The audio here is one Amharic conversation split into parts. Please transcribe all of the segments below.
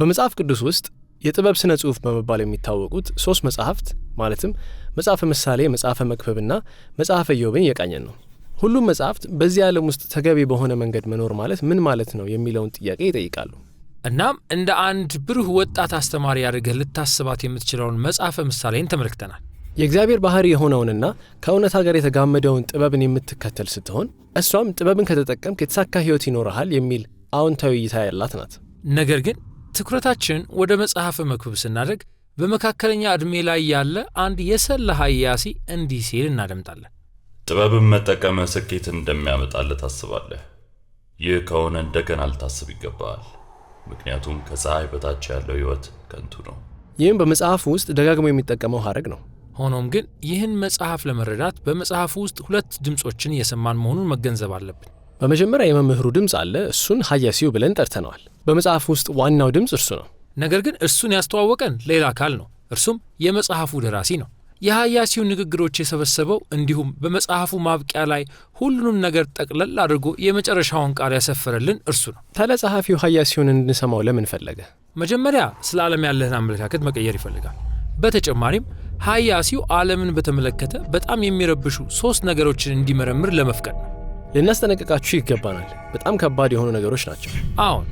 በመጽሐፍ ቅዱስ ውስጥ የጥበብ ስነ ጽሑፍ በመባል የሚታወቁት ሶስት መጽሐፍት ማለትም መጽሐፈ ምሳሌ፣ መጽሐፈ መክብብና መጽሐፈ ኢዮብን እየቃኘን ነው። ሁሉም መጽሐፍት በዚህ ዓለም ውስጥ ተገቢ በሆነ መንገድ መኖር ማለት ምን ማለት ነው የሚለውን ጥያቄ ይጠይቃሉ። እናም እንደ አንድ ብሩህ ወጣት አስተማሪ አድርገህ ልታስባት የምትችለውን መጽሐፈ ምሳሌን ተመልክተናል። የእግዚአብሔር ባህሪ የሆነውንና ከእውነታ ጋር የተጋመደውን ጥበብን የምትከተል ስትሆን እሷም ጥበብን ከተጠቀምክ የተሳካ ሕይወት ይኖረሃል የሚል አዎንታዊ እይታ ያላት ናት። ነገር ግን ትኩረታችን ወደ መጽሐፈ መክብብ ስናደርግ በመካከለኛ ዕድሜ ላይ ያለ አንድ የሰላ ሐያሲ እንዲህ ሲል እናደምጣለን። ጥበብን መጠቀመ ስኬት እንደሚያመጣለ ታስባለህ። ይህ ከሆነ እንደገና ልታስብ ይገባል ምክንያቱም ከፀሐይ በታች ያለው ሕይወት ከንቱ ነው። ይህም በመጽሐፍ ውስጥ ደጋግሞ የሚጠቀመው ሐረግ ነው። ሆኖም ግን ይህን መጽሐፍ ለመረዳት በመጽሐፍ ውስጥ ሁለት ድምፆችን እየሰማን መሆኑን መገንዘብ አለብን። በመጀመሪያ የመምህሩ ድምፅ አለ። እሱን ሀያሲው ብለን ጠርተነዋል። በመጽሐፍ ውስጥ ዋናው ድምፅ እርሱ ነው። ነገር ግን እርሱን ያስተዋወቀን ሌላ አካል ነው። እርሱም የመጽሐፉ ደራሲ ነው። የሀያሲው ንግግሮች የሰበሰበው እንዲሁም በመጽሐፉ ማብቂያ ላይ ሁሉንም ነገር ጠቅለል አድርጎ የመጨረሻውን ቃል ያሰፈረልን እርሱ ነው። ታዲያ ጸሐፊው ሀያሲውን እንድንሰማው ለምን ፈለገ? መጀመሪያ ስለ ዓለም ያለህን አመለካከት መቀየር ይፈልጋል። በተጨማሪም ሀያሲው ዓለምን በተመለከተ በጣም የሚረብሹ ሶስት ነገሮችን እንዲመረምር ለመፍቀድ ነው። ልናስጠነቅቃችሁ ይገባናል። በጣም ከባድ የሆኑ ነገሮች ናቸው። አሁን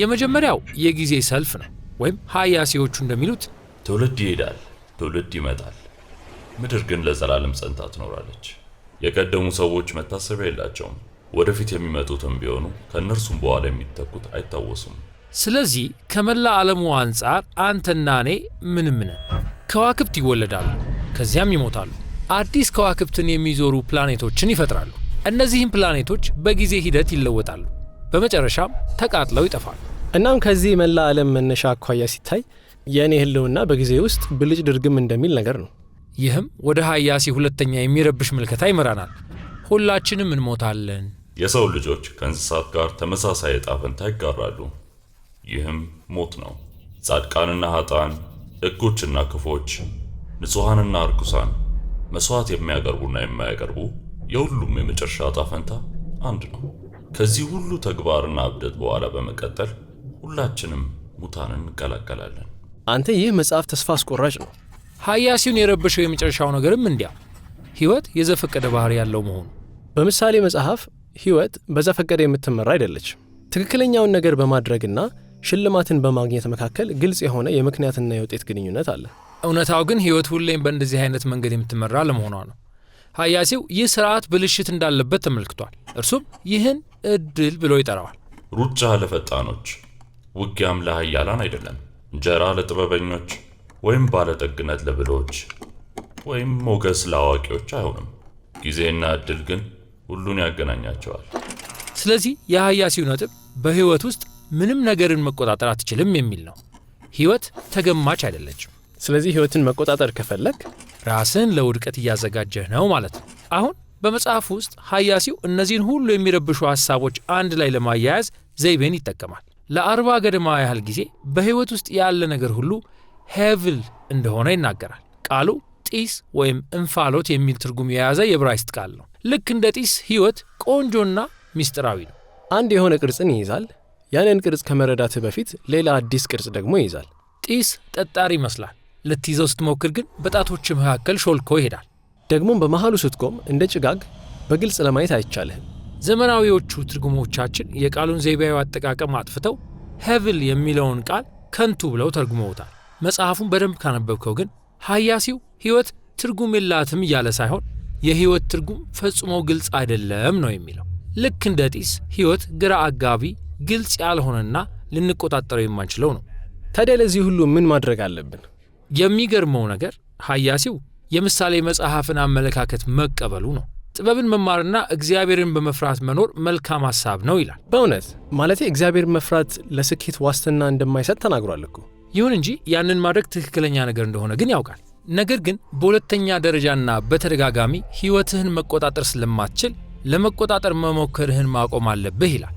የመጀመሪያው የጊዜ ሰልፍ ነው፣ ወይም ሀያሲዎቹ እንደሚሉት ትውልድ ይሄዳል፣ ትውልድ ይመጣል፣ ምድር ግን ለዘላለም ጸንታ ትኖራለች። የቀደሙ ሰዎች መታሰቢያ የላቸውም። ወደፊት የሚመጡትም ቢሆኑ ከእነርሱም በኋላ የሚተኩት አይታወሱም። ስለዚህ ከመላ ዓለሙ አንጻር አንተና እኔ ምንም ነን። ከዋክብት ይወለዳሉ፣ ከዚያም ይሞታሉ። አዲስ ከዋክብትን የሚዞሩ ፕላኔቶችን ይፈጥራሉ። እነዚህም ፕላኔቶች በጊዜ ሂደት ይለወጣሉ፣ በመጨረሻም ተቃጥለው ይጠፋሉ። እናም ከዚህ መላ ዓለም መነሻ አኳያ ሲታይ የእኔ ህልውና በጊዜ ውስጥ ብልጭ ድርግም እንደሚል ነገር ነው። ይህም ወደ ሀያሲ ሁለተኛ የሚረብሽ ምልከታ ይመራናል። ሁላችንም እንሞታለን። የሰው ልጆች ከእንስሳት ጋር ተመሳሳይ ዕጣ ፈንታ ይጋራሉ። ይህም ሞት ነው። ጻድቃንና ኃጣን፣ ደጎችና ክፎች፣ ንጹሐንና እርኩሳን፣ መሥዋዕት የሚያቀርቡና የማያቀርቡ የሁሉም የመጨረሻ ዕጣ ፈንታ አንድ ነው። ከዚህ ሁሉ ተግባርና እብደት በኋላ በመቀጠል ሁላችንም ሙታንን እንቀላቀላለን። አንተ ይህ መጽሐፍ ተስፋ አስቆራጭ ነው። ሐያሲውን የረበሸው የመጨረሻው ነገርም እንዲያ ሕይወት የዘፈቀደ ባህሪ ያለው መሆኑ በምሳሌ መጽሐፍ ሕይወት በዘፈቀደ የምትመራ አይደለች። ትክክለኛውን ነገር በማድረግና ሽልማትን በማግኘት መካከል ግልጽ የሆነ የምክንያትና የውጤት ግንኙነት አለ። እውነታው ግን ሕይወት ሁሌም በእንደዚህ አይነት መንገድ የምትመራ ለመሆኗ ነው። ሀያሴው ይህ ስርዓት ብልሽት እንዳለበት ተመልክቷል። እርሱም ይህን እድል ብሎ ይጠራዋል። ሩጫ ለፈጣኖች፣ ውጊያም ለሀያላን አይደለም። እንጀራ ለጥበበኞች ወይም ባለጠግነት ለብሎች ወይም ሞገስ ለአዋቂዎች አይሆንም። ጊዜና እድል ግን ሁሉን ያገናኛቸዋል። ስለዚህ የሀያሲው ነጥብ በህይወት ውስጥ ምንም ነገርን መቆጣጠር አትችልም የሚል ነው። ህይወት ተገማች አይደለችም። ስለዚህ ህይወትን መቆጣጠር ከፈለግ ራስን ለውድቀት እያዘጋጀህ ነው ማለት ነው። አሁን በመጽሐፍ ውስጥ ሐያሲው እነዚህን ሁሉ የሚረብሹ ሐሳቦች አንድ ላይ ለማያያዝ ዘይቤን ይጠቀማል። ለአርባ ገደማ ያህል ጊዜ በሕይወት ውስጥ ያለ ነገር ሁሉ ሄቭል እንደሆነ ይናገራል። ቃሉ ጢስ ወይም እንፋሎት የሚል ትርጉም የያዘ የዕብራይስጥ ቃል ነው። ልክ እንደ ጢስ ሕይወት ቆንጆና ምስጢራዊ ነው። አንድ የሆነ ቅርጽን ይይዛል። ያንን ቅርጽ ከመረዳትህ በፊት ሌላ አዲስ ቅርጽ ደግሞ ይይዛል። ጢስ ጠጣር ይመስላል። ልትይዘው ስትሞክር ግን በጣቶች መካከል ሾልኮ ይሄዳል። ደግሞም በመሃሉ ስትቆም እንደ ጭጋግ በግልጽ ለማየት አይቻልህም። ዘመናዊዎቹ ትርጉሞቻችን የቃሉን ዘይቤያዊ አጠቃቀም አጥፍተው ሄቭል የሚለውን ቃል ከንቱ ብለው ተርጉመውታል። መጽሐፉን በደንብ ካነበብከው ግን ሐያሲው ሕይወት ትርጉም የላትም እያለ ሳይሆን የሕይወት ትርጉም ፈጽሞ ግልጽ አይደለም ነው የሚለው። ልክ እንደ ጢስ ሕይወት ግራ አጋቢ፣ ግልጽ ያልሆነና ልንቆጣጠረው የማንችለው ነው። ታዲያ ለዚህ ሁሉ ምን ማድረግ አለብን? የሚገርመው ነገር ሐያሲው የምሳሌ መጽሐፍን አመለካከት መቀበሉ ነው። ጥበብን መማርና እግዚአብሔርን በመፍራት መኖር መልካም ሐሳብ ነው ይላል። በእውነት ማለቴ እግዚአብሔር መፍራት ለስኬት ዋስትና እንደማይሰጥ ተናግሯል እኮ። ይሁን እንጂ ያንን ማድረግ ትክክለኛ ነገር እንደሆነ ግን ያውቃል። ነገር ግን በሁለተኛ ደረጃና በተደጋጋሚ ሕይወትህን መቆጣጠር ስለማትችል ለመቆጣጠር መሞከርህን ማቆም አለብህ ይላል።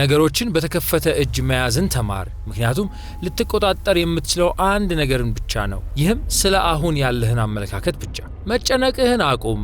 ነገሮችን በተከፈተ እጅ መያዝን ተማር። ምክንያቱም ልትቆጣጠር የምትችለው አንድ ነገርን ብቻ ነው። ይህም ስለ አሁን ያለህን አመለካከት ብቻ። መጨነቅህን አቁም።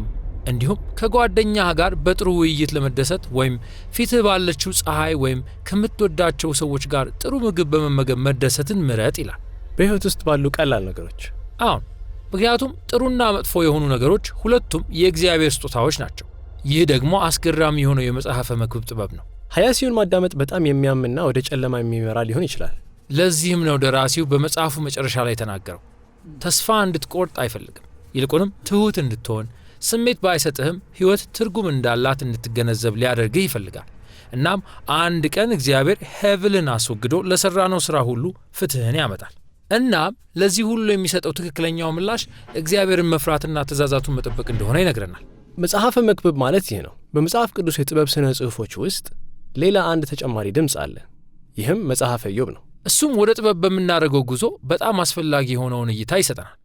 እንዲሁም ከጓደኛህ ጋር በጥሩ ውይይት ለመደሰት ወይም ፊትህ ባለችው ፀሐይ ወይም ከምትወዳቸው ሰዎች ጋር ጥሩ ምግብ በመመገብ መደሰትን ምረጥ ይላል። በሕይወት ውስጥ ባሉ ቀላል ነገሮች አሁን ምክንያቱም ጥሩና መጥፎ የሆኑ ነገሮች ሁለቱም የእግዚአብሔር ስጦታዎች ናቸው። ይህ ደግሞ አስገራሚ የሆነው የመጽሐፈ መክብብ ጥበብ ነው። ሀያሲውን ማዳመጥ በጣም የሚያምና ወደ ጨለማ የሚመራ ሊሆን ይችላል። ለዚህም ነው ደራሲው በመጽሐፉ መጨረሻ ላይ ተናገረው ተስፋ እንድትቆርጥ አይፈልግም፣ ይልቁንም ትሑት እንድትሆን ስሜት ባይሰጥህም ሕይወት ትርጉም እንዳላት እንድትገነዘብ ሊያደርግህ ይፈልጋል። እናም አንድ ቀን እግዚአብሔር ሄብልን አስወግዶ ለሠራነው ሥራ ሁሉ ፍትህን ያመጣል። እናም ለዚህ ሁሉ የሚሰጠው ትክክለኛው ምላሽ እግዚአብሔርን መፍራትና ትእዛዛቱን መጠበቅ እንደሆነ ይነግረናል። መጽሐፈ መክብብ ማለት ይህ ነው። በመጽሐፍ ቅዱስ የጥበብ ሥነ ጽሑፎች ውስጥ ሌላ አንድ ተጨማሪ ድምፅ አለ። ይህም መጽሐፈ ኢዮብ ነው። እሱም ወደ ጥበብ በምናደርገው ጉዞ በጣም አስፈላጊ የሆነውን እይታ ይሰጠናል።